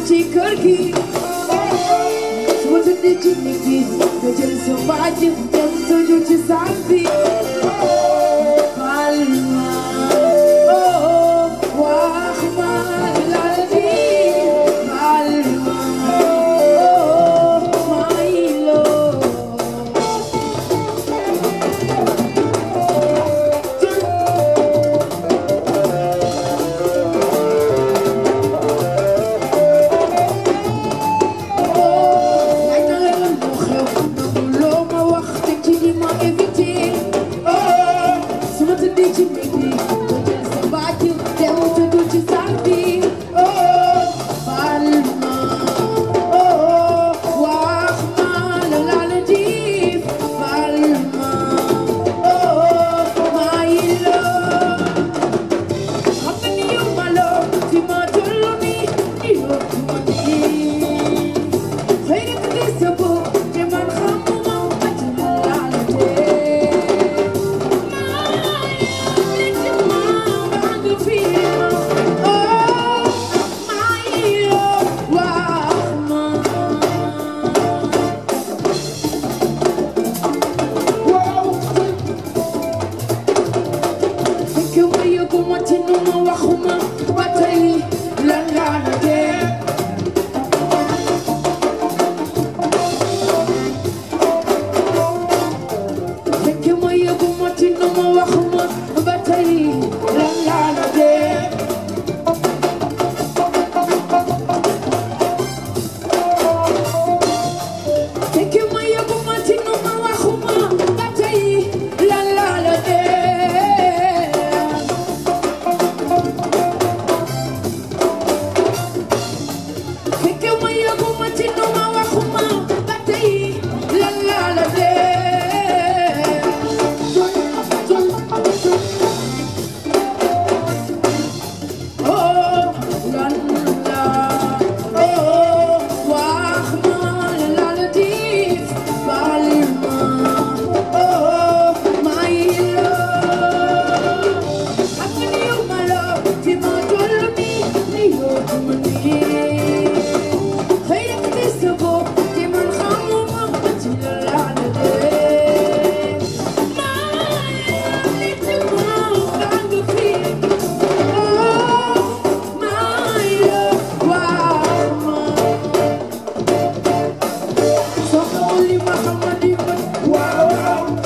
você çıkar ki Sıvı tündeki nefis Beceri sıvacı Yanı sözü çizan bir ci nu mu waxuma ba tey you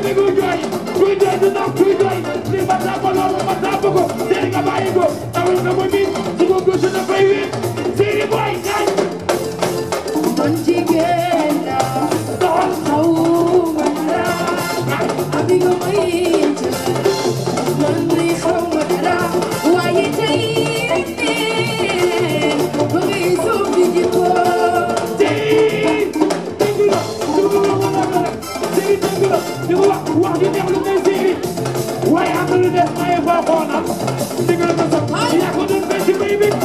Good day to di ko wax wax ju neex lu ngay séeri waaye am des maye baaxoo na ndigal ko sax yaa ko doon béy